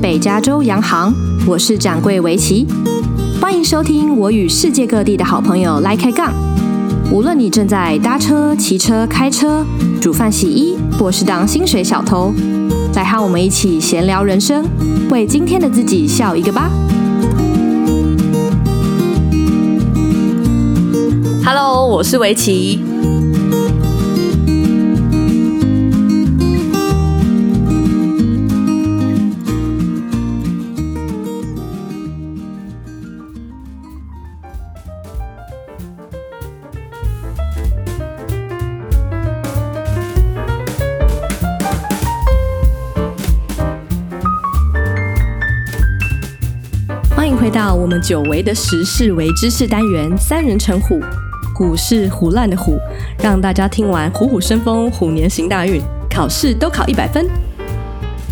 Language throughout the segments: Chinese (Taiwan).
北加州洋行，我是掌櫃薇琪，歡迎收聽我與世界各地的好朋友拉開槓。無論你正在搭車、騎車、開車、煮飯、洗衣，或是當薪水小偷，來和我們一起閒聊人生，為今天的自己笑一個吧。Hello，我是薇琪。我們久違的時事微知識單元，三人成虎，虎是虎爛的虎，讓大家聽完虎虎生風，虎年行大運，考試都考一百分。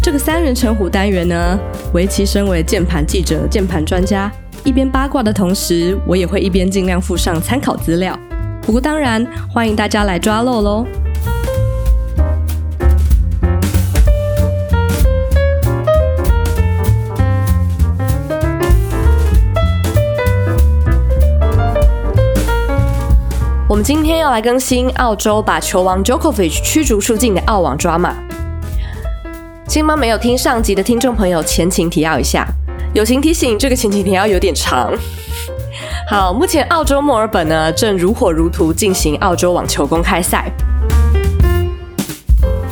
這個三人成虎單元呢，薇琪身為鍵盤記者、鍵盤專家，一邊八卦的同時，我也會一邊儘量附上參考資料。不過當然，歡迎大家來抓漏嘍。我們今天要來更新澳洲把球王 Djokovic 驅逐出境的澳網 drama。親們沒有聽上集的聽眾朋友，前情提要一下。友情提醒，這個前情提要有點長。 好，目前澳洲墨爾本呢，正如火如荼進行澳洲網球公開賽。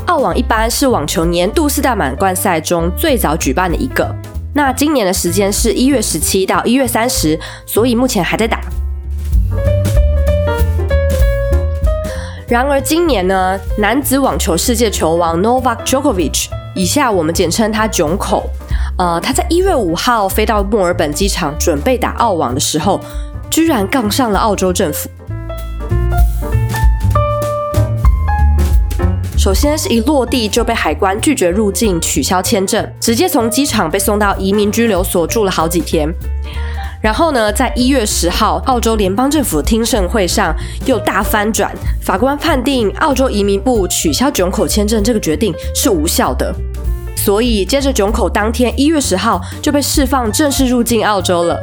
澳網一般是網球年度四大滿貫賽中最早舉辦的一個。那今年的時間是一月十七到一月三十，所以目前還在打。然而今年呢，男子網球世界球王 Novak Djokovic（ 以下我們簡稱他囧口），呃，他在一月五號飛到墨爾本機場準備打澳網的時候，居然槓上了澳洲政府。首先是一落地就被海關拒絕入境，取消簽證，直接從機場被送到移民拘留所住了好幾天。然後呢，在一月十號，澳洲聯邦政府聽證會上又大翻轉，法官判定澳洲移民部取消囧口簽證這個決定是無效的，所以接着囧口當天一月十號就被釋放，正式入境澳洲了。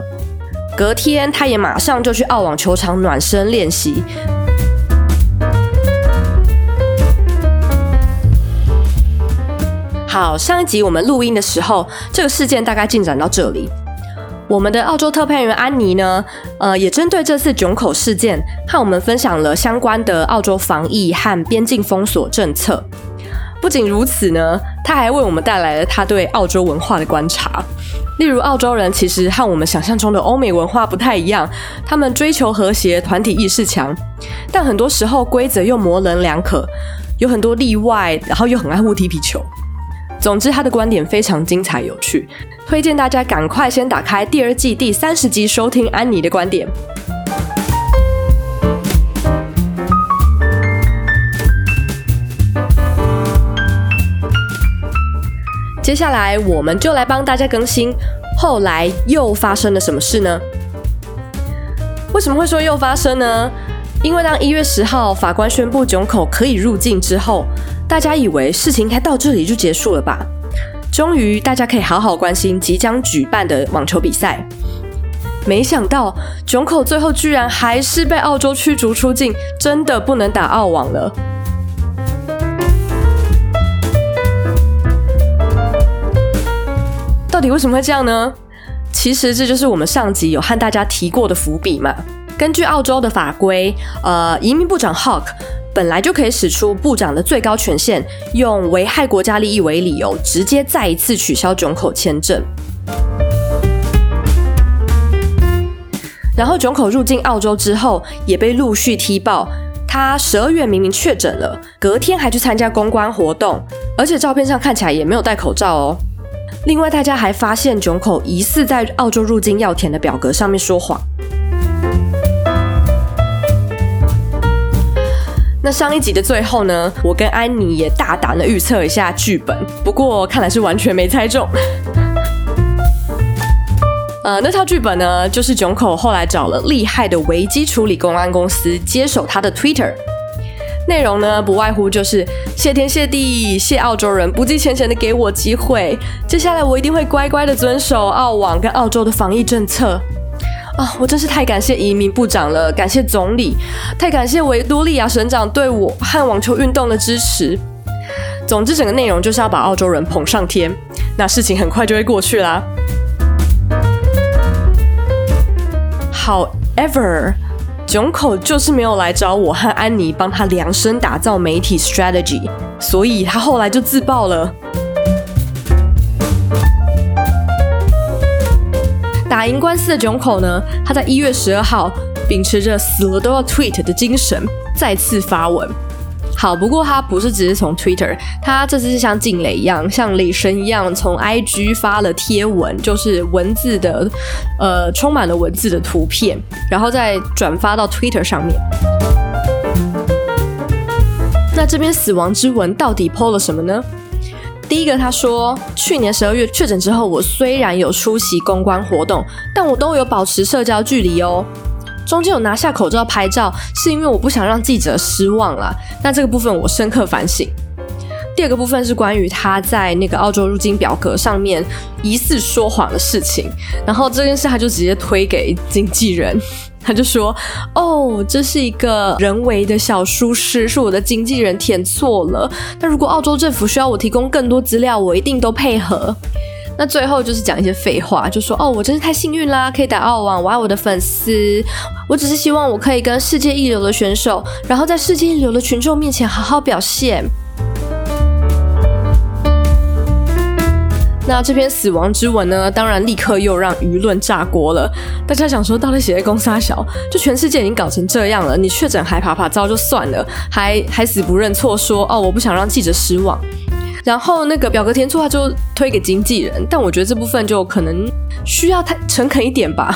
隔天，他也馬上就去澳網球場暖身練習。好，上一集我們錄音的時候，這個事件大概進展到這裡。我們的澳洲特派員安妮呢，呃，也針對這次囧口事件，和我們分享了相關的澳洲防疫和邊境封鎖政策。不僅如此呢，她還為我們帶來了她對澳洲文化的觀察。例如，澳洲人其實和我們想象中的歐美文化不太一樣，他們追求和諧，團體意識強，但很多時候規則又模棱兩可，有很多例外，然後又很愛互踢皮球。總之，他的觀點非常精彩有趣，推薦大家趕快先打開第二季第三十集收聽安妮的觀點。接下來，我們就來幫大家更新，後來又發生了什麼事呢？為什麼會說又發生呢？因為當一月十號法官宣布囧口可以入境之後。大家以為事情應該到這裡就結束了吧？終於大家可以好好關心即將舉辦的網球比賽。沒想到，囧口最後居然還是被澳洲驅逐出境，真的不能打澳網了。到底為什麼會這樣呢？其實這就是我們上集有和大家提過的伏筆嘛。根據澳洲的法規，呃，移民部長 Hawke。本來就可以使出部長的最高權限，用危害國家利益為理由，直接再一次取消囧口簽證。然後囧口入境澳洲之後，也被陸續踢爆，他十二月明明確診了，隔天還去參加公關活動，而且照片上看起來也沒有戴口罩哦。另外，大家還發現囧口疑似在澳洲入境要填的表格上面說謊。那上一集的最後呢，我跟安妮也大膽的預測一下劇本，不過看來是完全沒猜中。 呃，那套劇本呢，就是囧口後來找了厲害的危機處理公關公司接手他的 Twitter，內容呢不外乎就是謝天謝地，謝澳洲人不計前嫌的給我機會，接下來我一定會乖乖的遵守澳網跟澳洲的防疫政策。哦，我真是太感謝移民部長了，感謝總理，太感謝維多利亞省長對我和網球運動的支持。總之，整個內容就是要把澳洲人捧上天。那事情很快就會過去啦。However，囧口就是沒有來找我和安妮幫他量身打造媒體 strategy，所以他後來就自爆了。打贏官司的囧口呢？他在一月十二號，秉持着死了都要 tweet 的精神，再次發文。好，不過他不是只是從 Twitter，他這次是像靜蕾一樣，像雷神一樣，從 IG 發了貼文，就是文字的，呃，充滿了文字的圖片，然後再轉發到 Twitter 上面。那這邊死亡之文到底 po 了什麼呢？第一個，他說，去年十二月確診之後，我雖然有出席公關活動，但我都有保持社交距離哦。中間有拿下口罩拍照，是因為我不想讓記者失望了。那這個部分我深刻反省。第二個部分是關於他在那個澳洲入境表格上面疑似說謊的事情，然後這件事他就直接推給經紀人，他就說：“哦，這是一個人為的小疏失，是我的經紀人填錯了。但如果澳洲政府需要我提供更多資料，我一定都配合。”那最後就是講一些廢話，就說：“哦，我真是太幸運啦，可以打澳網，我愛我的粉絲，我只是希望我可以跟世界一流的選手，然後在世界一流的群眾面前好好表現。”那這篇死亡之文呢，當然立刻又讓輿論炸鍋了。大家想說，到底是在公三小，就全世界已經搞成這樣了，你確診還趴趴走就算了，還還死不認錯說，說哦我不想讓記者失望。然後那個表格填錯他就推給經紀人，但我覺得這部分就可能需要太誠懇一點吧。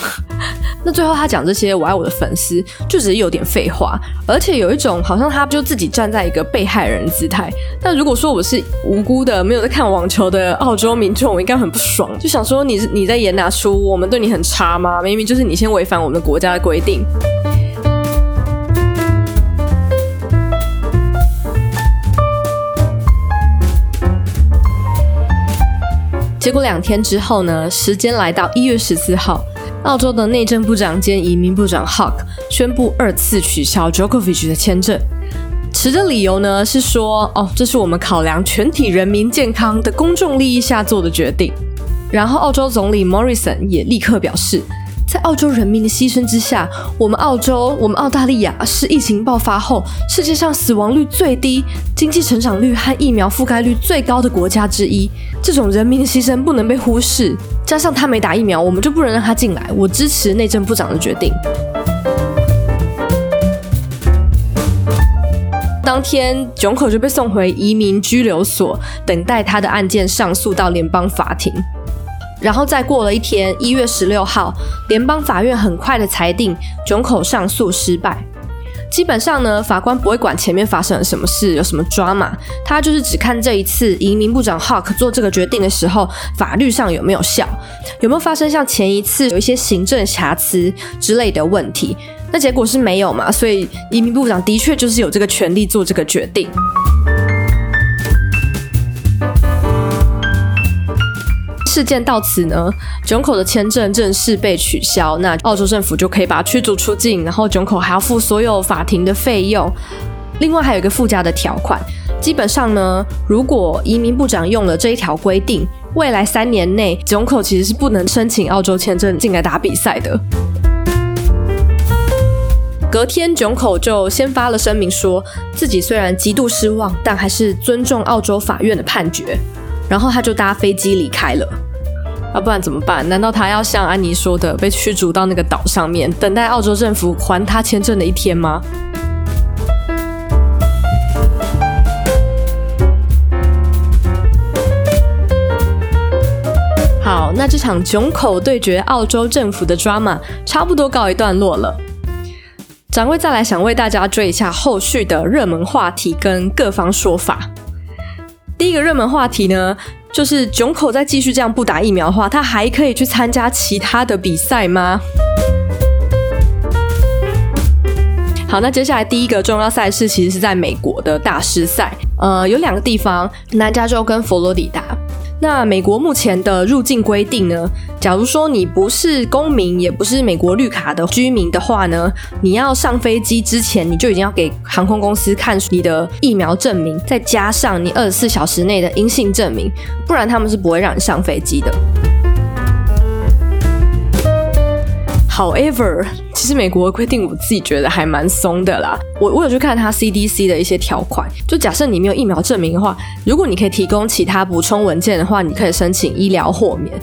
那最後他講這些，我愛我的粉絲，就只是有點廢話，而且有一種好像他就自己站在一個被害人姿態。但如果說我是無辜的、沒有在看網球的澳洲民眾，我應該很不爽，就想說你你在演哪齣，我們對你很差嗎？明明就是你先違反我們國家的規定。結果兩天之後呢，時間來到一月十四號。澳洲的內政部長兼移民部長 Hawke 宣布二次取消 Djokovic 的簽證，持的理由呢是說，哦，這是我們考量全體人民健康的公眾利益下做的決定。然後，澳洲總理 Morrison 也立刻表示。在澳洲人民的犧牲之下，我們澳洲，我們澳大利亞是疫情爆發後世界上死亡率最低、經濟成長率和疫苗覆蓋率最高的國家之一。這種人民的犧牲不能被忽視。加上他沒打疫苗，我們就不能讓他進來。我支持內政部長的決定。嗯。當天，囧口就被送回移民拘留所，等待他的案件上訴到聯邦法庭。然後再過了一天，一月十六號，聯邦法院很快的裁定囧口上訴失敗。基本上呢，法官不會管前面發生了什麼事，有什麼 drama，他就是只看這一次移民部長 Hawke 做這個決定的時候，法律上有沒有效，有沒有發生像前一次有一些行政瑕疵之類的問題。那結果是沒有嘛，所以移民部長的確就是有這個權利做這個決定。事件到此呢，囧口的簽證正式被取消，那澳洲政府就可以把驅逐出境，然後囧口還要付所有法庭的費用。另外還有一個附加的條款，基本上呢，如果移民部長用了這一條規定，未來三年內囧口其實是不能申請澳洲簽證進來打比賽的。隔天囧口就先發了聲明說，說自己雖然極度失望，但還是尊重澳洲法院的判決，然後他就搭飛機離開了。啊、不然怎麼辦？難道他要像安妮說的，被驅逐到那個島上面，等待澳洲政府還他簽證的一天嗎？好，那這場囧口對決澳洲政府的 drama 差不多告一段落了。掌櫃再來想為大家追一下後續的熱門話題跟各方說法。第一個熱門話題呢？就是囧口再繼續這樣不打疫苗的話，他還可以去參加其他的比賽嗎？好，那接下來第一個重要賽事其實是在美國的大師賽，呃，有兩個地方，南加州跟佛羅里達。那美國目前的入境規定呢？假如說你不是公民，也不是美國綠卡的居民的話呢，你要上飛機之前，你就已經要給航空公司看你的疫苗證明，再加上你二十四小時內的陰性證明，不然他們是不會讓你上飛機的。However，其實美國規定我自己覺得還蠻鬆的啦。我我有去看他 CDC 的一些條款，就假設你沒有疫苗證明的話，如果你可以提供其他補充文件的話，你可以申請醫療豁免。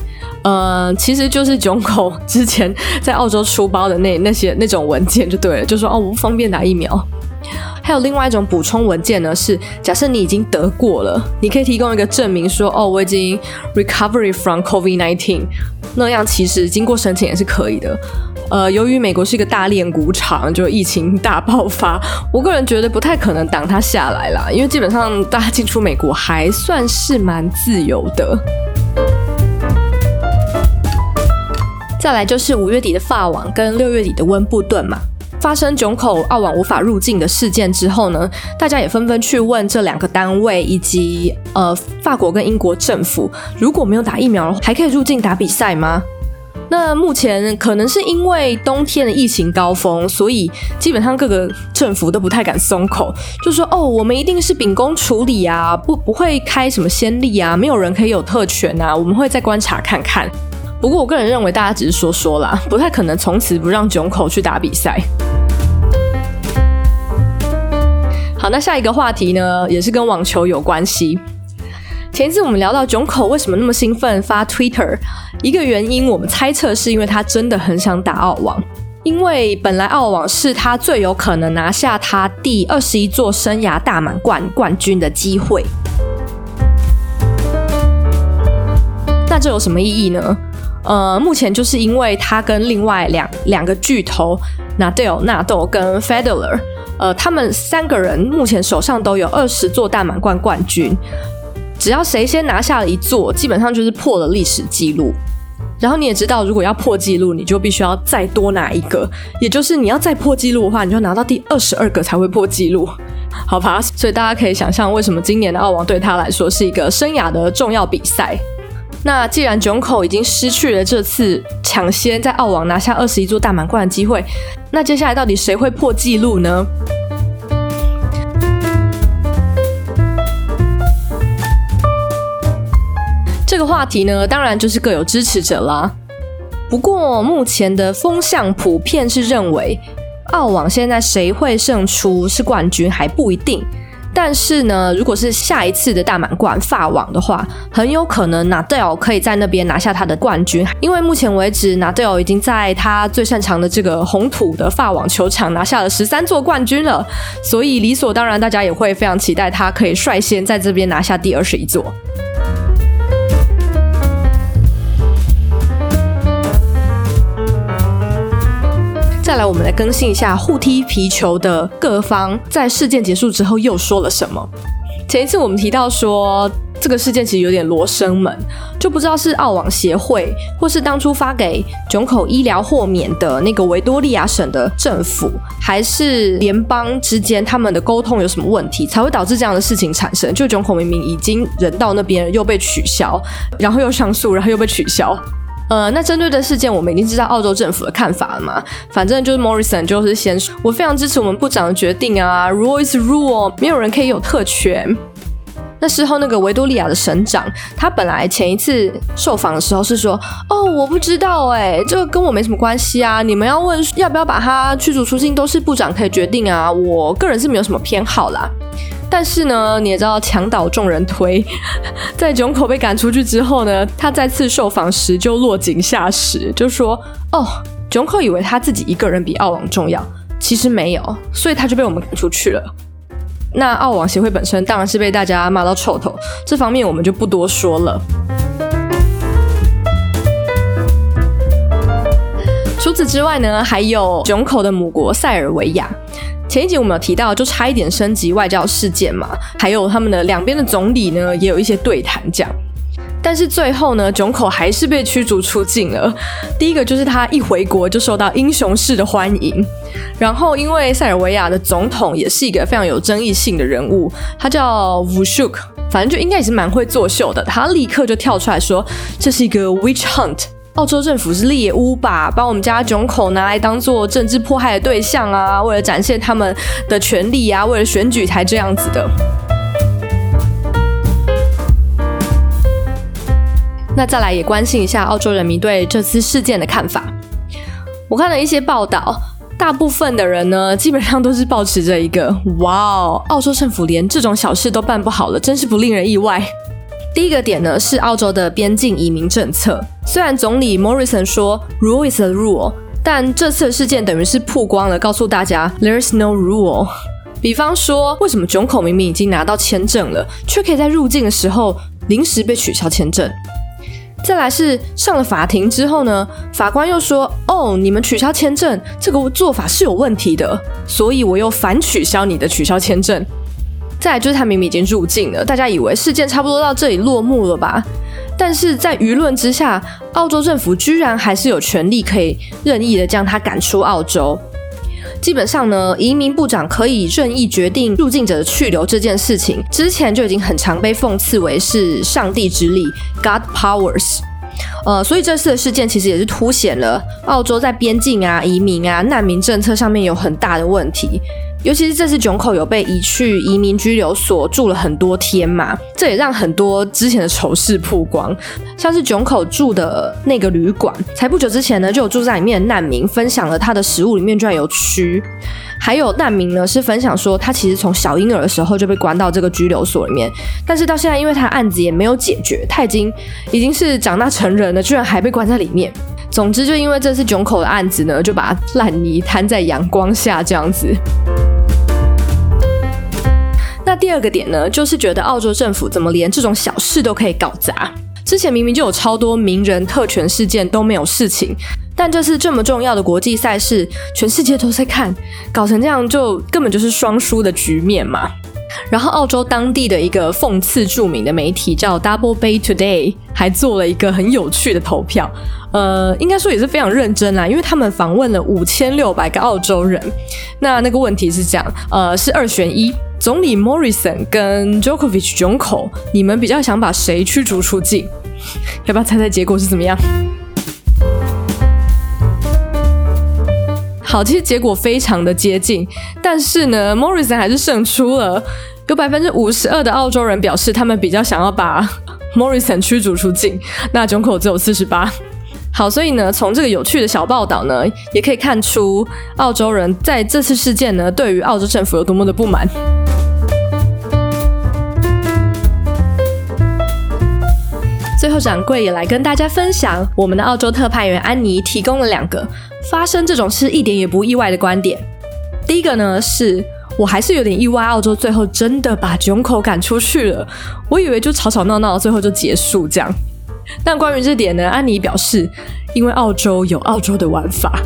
呃，其實就是囧狗之前在澳洲出包的那那些那種文件就對了，就說哦，我不方便打疫苗。還有另外一種補充文件呢，是假設你已經得過了，你可以提供一個證明說，哦，我已經 recovery from COVID-19，那樣其實經過申請也是可以的。呃，由於美國是一個大練股場，就疫情大爆發，我個人覺得不太可能擋它下來啦，因為基本上大家進出美國還算是蠻自由的。再來就是五月底的法網跟六月底的溫布頓嘛。發生囧口澳網無法入境的事件之後呢，大家也紛紛去問這兩個單位以及呃法國跟英國政府，如果沒有打疫苗的話還可以入境打比賽嗎？那目前可能是因為冬天的疫情高峰，所以基本上各個政府都不太敢鬆口，就說哦，我們一定是秉公處理啊，不不會開什麼先例啊，沒有人可以有特權啊，我們會再觀察看看。不過，我個人認為大家只是說說啦，不太可能從此不讓囧口去打比賽。好，那下一個話題呢，也是跟網球有關係。前一次我們聊到囧口為什麼那麼興奮發 Twitter，一個原因我們猜測是因為他真的很想打澳網，因為本來澳網是他最有可能拿下他第二十一座生涯大滿貫冠冠軍的機會。那這有什麼意義呢？呃，目前就是因為他跟另外兩兩個巨頭納德納豆跟 Federer，呃，他們三個人目前手上都有二十座大滿貫冠軍。只要誰先拿下了一座，基本上就是破了歷史記錄。然後你也知道，如果要破紀錄，你就必須要再多拿一個，也就是你要再破紀錄的話，你就拿到第二十二個才會破紀錄，好吧？所以大家可以想象，為什麼今年的澳網對他來說是一個生涯的重要比賽。那既然囧口已經失去了這次搶先在澳網拿下二十一座大滿貫的機會，那接下來到底誰會破紀錄呢？這個話題呢，當然就是各有支持者啦。不過目前的風向普遍是認為，澳網現在誰會勝出是冠軍還不一定。但是呢，如果是下一次的大滿貫法網的話，很有可能納達爾可以在那邊拿下他的冠軍。因為目前為止納達爾已經在他最擅長的這個紅土的法網球場拿下了十三座冠軍了，所以理所當然，大家也會非常期待他可以率先在這邊拿下第二十一座。接下來我們來更新一下互踢皮球的各方在事件結束之後又說了什麼。前一次我們提到說，這個事件其實有點羅生門，就不知道是澳網協會，或是當初發給囧口醫療豁免的那個維多利亞省的政府，還是聯邦之間他們的溝通有什麼問題，才會導致這樣的事情產生。就囧口明明已經人到那邊又被取消，然後又上訴，然後又被取消。呃，那針對的事件，我們已經知道澳洲政府的看法了嘛？反正就是 Morrison 就是先說，我非常支持我們部長的決定啊，如果 is Rule，沒有人可以有特權。那事後那個維多利亞的省長，他本來前一次受訪的時候是說，哦，我不知道哎，這個跟我沒什麼關係啊，你們要問要不要把他驅逐出境，都是部長可以決定啊，我個人是沒有什麼偏好啦。但是呢，你也知道，牆倒眾人推。在囧口被趕出去之後呢，他再次受訪時就落井下石，就說：“哦，囧口以為他自己一個人比澳網重要，其實沒有，所以他就被我們趕出去了。”那澳網協會本身當然是被大家罵到臭頭，這方面我們就不多說了。除此之外呢，還有囧口的母國塞爾維亞。前一集我們有提到，就差一點升級外交事件嘛，還有他們的兩邊的總理呢，也有一些對談這樣。但是最後呢，囧口還是被驅逐出境了。第一個就是他一回國就受到英雄式的歡迎，然後因為塞爾維亞的總統也是一個非常有爭議性的人物，他叫 Vucic，反正就應該也是蠻會作秀的。他立刻就跳出來說，這是一個 witch hunt。澳洲政府是獵巫吧，把我們家囧口拿來當做政治迫害的對象啊！為了展現他們的權力啊，為了選舉才這樣子的。那再來也關心一下澳洲人民對這次事件的看法。我看了一些報道，大部分的人呢，基本上都是抱持着一個“哇哦，澳洲政府連這種小事都辦不好了，真是不令人意外。”第一個點呢是澳洲的邊境移民政策，雖然總理 Morrison 說 rule is a rule，但這次的事件等於是曝光了，告訴大家 there is no rule。比方說，為什麼囧口明明已經拿到簽證了，卻可以在入境的時候臨時被取消簽證？再來是上了法庭之後呢，法官又說，哦、oh，你們取消簽證這個做法是有問題的，所以我又反取消你的取消簽證。再就是，他明明已經入境了，大家以為事件差不多到這裡落幕了吧？但是在輿論之下，澳洲政府居然還是有權利可以任意的將他趕出澳洲。基本上呢，移民部長可以任意決定入境者的去留這件事情，之前就已經很常被諷刺為是“上帝之力 ”（God Powers）。呃，所以這次的事件其實也是凸顯了澳洲在邊境啊、移民啊、難民政策上面有很大的問題。尤其是這次囧口有被移去移民拘留所住了很多天嘛，這也讓很多之前的醜事曝光，像是囧口住的那個旅館，才不久之前呢就有住在裡面的難民分享了他的食物裡面居然有蛆，還有難民呢是分享說他其實從小嬰兒的時候就被關到這個拘留所裡面，但是到現在因為他的案子也沒有解決，他已經已經是長大成人了，居然還被關在裡面。總之，就因為這次囧口的案子呢，就把他爛泥攤在陽光下這樣子。那第二個點呢，就是覺得澳洲政府怎麼連這種小事都可以搞砸？之前明明就有超多名人特權事件都沒有事情，但這次這麼重要的國際賽事，全世界都在看，搞成這樣就根本就是雙輸的局面嘛。然後澳洲當地的一個諷刺著名的媒體叫 Double Bay Today，還做了一個很有趣的投票，呃，應該說也是非常認真啦，因為他們訪問了五千六百個澳洲人。那那個問題是這樣，呃，是二選一。總理 Morrison 跟 Djokovic 囧口，你們比較想把誰驅逐出境？要不要猜猜結果是怎麼樣？好，其實結果非常的接近，但是呢，Morrison 還是勝出了。有百分之五十二的澳洲人表示他們比較想要把 Morrison 驅逐出境，那囧口只有四十八。好，所以呢，從這個有趣的小報道呢，也可以看出澳洲人在這次事件呢，對於澳洲政府有多麼的不滿。後，掌櫃也來跟大家分享，我們的澳洲特派員安妮提供了兩個發生這種事一點也不意外的觀點。第一個呢，是我還是有點意外，澳洲最後真的把囧口趕出去了，我以為就吵吵鬧鬧，最後就結束這樣。但關於這點呢，安妮表示，因為澳洲有澳洲的玩法。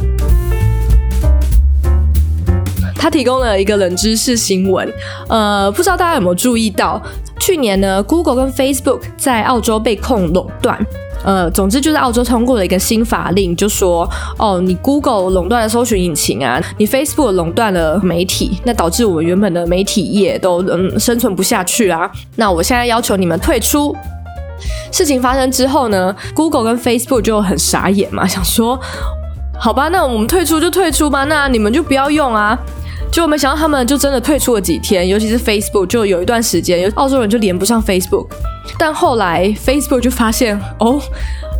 他提供了一個冷知識新聞，呃，不知道大家有沒有注意到，去年呢，Google 跟 Facebook 在澳洲被控壟斷，呃，總之就是澳洲通過了一個新法令，就說，哦，你 Google 壟斷了搜尋引擎啊，你 Facebook 壟斷了媒體，那導致我們原本的媒體業都嗯生存不下去啊，那我現在要求你們退出。事情發生之後呢，Google 跟 Facebook 就很傻眼嘛，想說，好吧，那我們退出就退出吧，那你們就不要用啊。就我沒想到他們就真的退出了幾天，尤其是 Facebook，就有一段時間，有澳洲人就連不上 Facebook。但後來 Facebook 就發現，哦，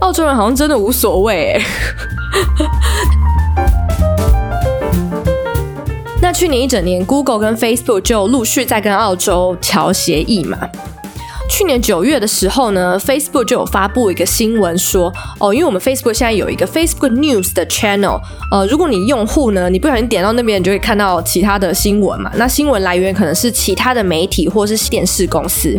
澳洲人好像真的無所謂。 那去年一整年，Google 跟 Facebook 就陸續在跟澳洲調協議嘛。去年九月的時候呢，Facebook 就有發布一個新聞說，哦，因為我們 Facebook 現在有一個 Facebook News 的 channel，呃，如果你用戶呢，你不小心點到那邊，你就會看到其他的新聞嘛。那新聞來源可能是其他的媒體或是電視公司。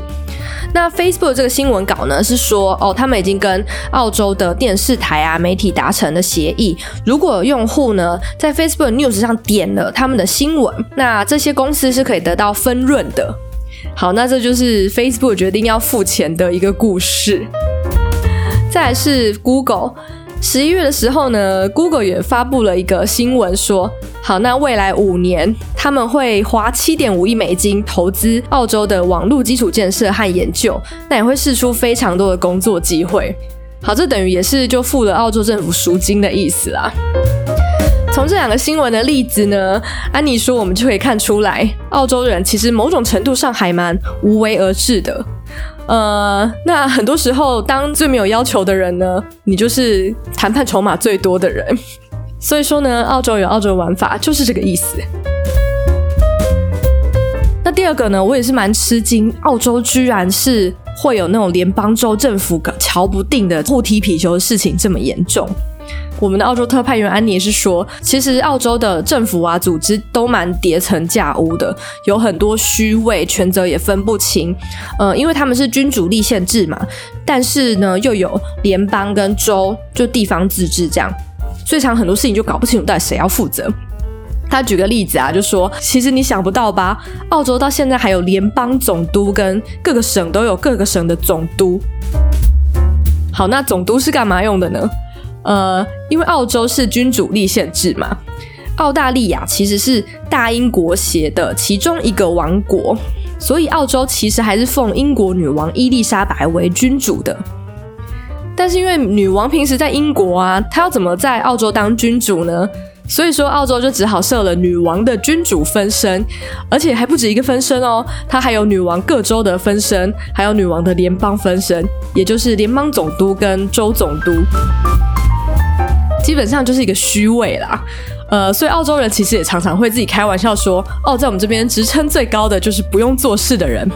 那 Facebook 這個新聞稿呢，是說哦，他們已經跟澳洲的電視台啊媒體達成了協議，如果用戶呢在 Facebook News 上點了他們的新聞，那這些公司是可以得到分潤的。好，那這就是 Facebook 決定要付錢的一個故事。再來是 Google，十一月的時候呢，Google 也發布了一個新聞說，好，那未來五年他們會花七點五億美金投資澳洲的網絡基礎建設和研究，那也會釋出非常多的工作機會。好，這等於也是就付了澳洲政府贖金的意思啦。從這兩個新聞的例子呢，安妮說我們就可以看出來，澳洲人其實某種程度上還蠻無為而治的。呃，那很多時候，當最沒有要求的人呢，你就是談判籌碼最多的人。所以說呢，澳洲有澳洲玩法，就是這個意思。那第二個呢，我也是蠻吃驚，澳洲居然是會有那種聯邦州政府搞喬不定的互踢皮球的事情這麼嚴重。我們的澳洲特派員安妮也是說，其實澳洲的政府啊，組織都蠻疊層架屋的，有很多虛位，權責也分不清。呃，因為他們是君主立憲制嘛，但是呢，又有聯邦跟州，就地方自治這樣，所以常很多事情就搞不清楚到底誰要負責。他舉個例子啊，就說，其實你想不到吧，澳洲到現在還有聯邦總督跟各個省都有各個省的總督。好，那總督是幹嘛用的呢？呃，因為澳洲是君主立憲制嘛，澳大利亞其實是大英國協的其中一個王國，所以澳洲其實還是奉英國女王伊麗莎白為君主的。但是因為女王平時在英國啊，她要怎麼在澳洲當君主呢？所以說澳洲就只好設了女王的君主分身，而且還不止一個分身哦，她還有女王各州的分身，還有女王的聯邦分身，也就是聯邦總督跟州總督。基本上就是一個虛位啦，呃，所以澳洲人其實也常常會自己開玩笑說，哦，在我們這邊職稱最高的就是不用做事的人。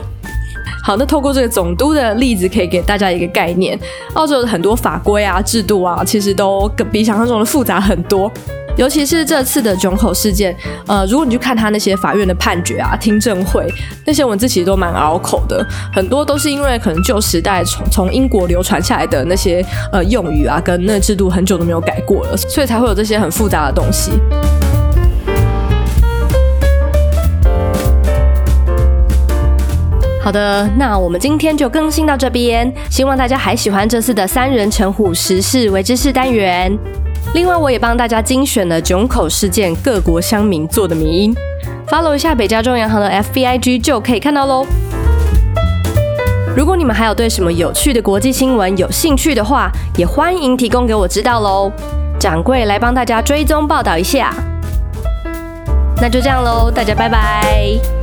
好，那透過這個總督的例子，可以給大家一個概念，澳洲的很多法規啊、制度啊，其實都比想象中的複雜很多。尤其是這次的囧口事件，呃，如果你去看他那些法院的判決啊、聽證會那些文字，其實都蠻拗口的。很多都是因為可能舊時代從從英國流傳下來的那些呃用語啊，跟那個制度很久都沒有改過了，所以才會有這些很複雜的東西。好的，那我們今天就更新到這邊，希望大家還喜歡這次的三人成唬時事微知識單元。另外，我也幫大家精選了囧口事件各國鄉民做的迷因，follow 一下北加州洋行的 FBIG 就可以看到嘍。如果你們還有對什麼有趣的國際新聞有興趣的話，也歡迎提供給我知道嘍。掌櫃來幫大家追蹤報道一下。那就這樣嘍，大家拜拜。